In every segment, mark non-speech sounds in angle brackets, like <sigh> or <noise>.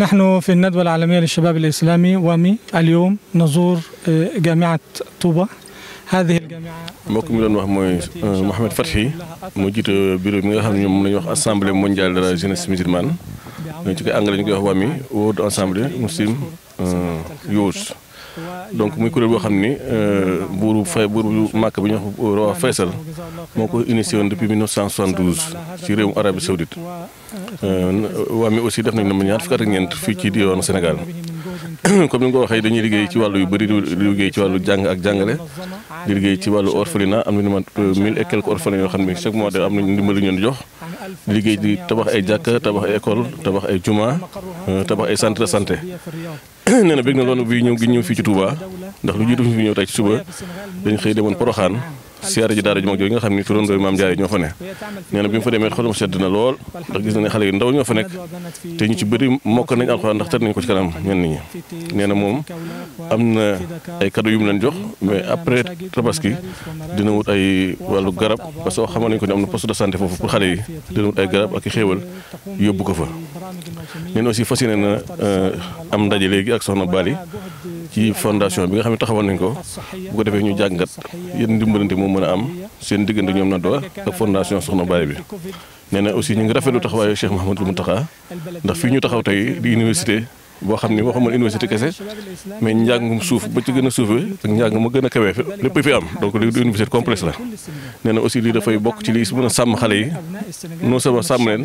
نحن في الندوة العالمية للشباب الإسلامي وامي اليوم نزور جامعة طوبة هذه الجامعة mbokk mi doon wax mooy Mouhamed Fathi mu jiite bureau bi nga xam ne ñoom la ñuy wax assemblée mondiale de la jeunesse musulmane ñu ci koy anglais ñu koy wax wami World Assemblée Muslim euh, Youth donc muy kuréel boo xam ni euh, buuru fay buuru màkk bi ñu wax euh, Faysal moo ko initié woon depuis 1972 ci réewum Arabie Saoudite euh, waa mi aussi def nañ ne ñaar fukk ak ñeent fii ci diwaanu Sénégal <coughs> comme ni nga ko waxee dañuy liggéey ci wàllu yu bëri di liggéey ci wàllu jàng ak jàngale di liggéey ci wàllu orphelinat am na mat mille et quelques orphelins yoo xam ne chaque mois de am nañu ndimbali ñu jox. liggéey di tabax ay jàkka tabax ay école tabax ay juma euh, tabax ay centre de santé <clears throat> nee na bëgg na loolu bi ñëw gi ñëw fii ci Touba ndax lu jiitu fi ñëw tey suba dañ xëy demoon Poroxaan siyaara ji daara ju mag jooju nga xam ni turandoo maam Jaara ñoo fa ne nee na bi mu fa demee xolam sedd na lool ndax gis na ne xale yu ndaw ñoo fa nekk te ñu ci bëri mokk nañ alxuraan ndax tar nañ ko ci kanam ñenn ñi nee na moom am na ay cadeau yu mu leen jox mais après tabaski dina wut ay wàllu garab parce que xamal nañ ko ne am na poste de santé foofu pour xale yi dina wut ay garab ak i xéewal yóbbu ko fa nee na aussi fas yéene na euh, am ndaje léegi ak soxna Bali ci fondation bi nga xam ne taxawal nañ ko bu ko defee ñu jàngat yéen ndimbalante moom mën a am seen diggante ñoom Nadwa ak fondation Soxna Baye bi. nee na aussi ñu ngi rafetlu taxawaayu Cheikh mu taxaa ndax fii ñu taxaw tey di université. boo xam ni waxuma université kese mais njàngum suuf ba ci gën a suufee ak njàng ma gën a kawee lépp fi am donc lii du université complexe la nee na aussi lii dafay bokk ci lii su mën a sàmm xale yi non seulement sàmm leen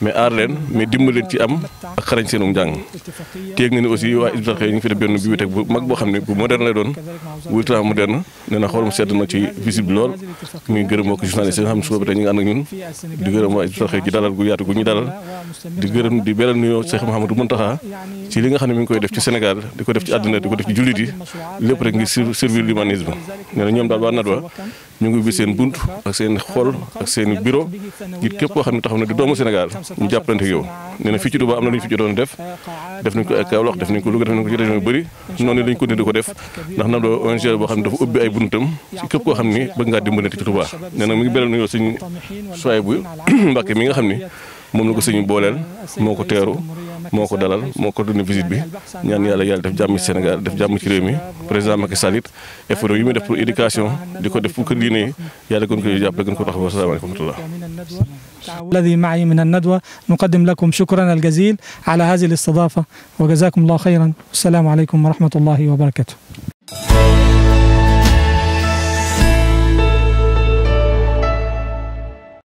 mais aar leen mais dimbal leen ci am ak xarañ seenu njàng téeg na ni aussi waa ISRA ñu fi def benn bibliothèque bu mag boo xam ne bu moderne lay doon bu ultra moderne nee na xoolum sedd na ci visite lool ñu ngi gërëm mbokk journaliste yi nga xam ne suba ñu ngi ànd ak ñun di gërëm waa ISRA ci dalal gu yaatu gu ñu dalal di gërëm di beral nuyoo Cheikh Mouhamadou Mountakha ci li nga xam ne mi ngi koy def ci Sénégal di ko def ci àddina di ko def ci jullit yi lépp rek ngir servir l'humanisme nee na ñoom daal waa Nadwa ñu ngi ubbi seen bunt ak seen xool ak seen bureau ngir képp koo xam ne taxaw na di doomu Sénégal ñu jàppalante yow nee na fii ci Touba am na lu ñu fi jotoon def def nañ ko ak Kaolack def nañ ko Louga def ko ci région yu bëri noonu lañ ko di ko def ndax Nadwa boo xam ne dafa ubbi ay buntam ci képp xam ne bëgg ngaa dimbalante ci Touba nee na mi ngi <coughs> mi nga xam ne moom la ko sëñ bi booleel moo ko teeru moo ko dalal moo ko dund visite bi ñaan yàlla yàlla def jàmm ci Sénégal def jàmm ci réew mi président Macky Sall it effort yi muy def pour éducation di ko def pour kër diine yi yàlla gën koy jàppale gën ko taxaw asalaamaaleykum wa rahmatullah الذي معي من الندوة نقدم لكم شكرنا الجزيل على هذه الاستضافة وجزاكم الله خيرا والسلام عليكم ورحمة الله وبركاته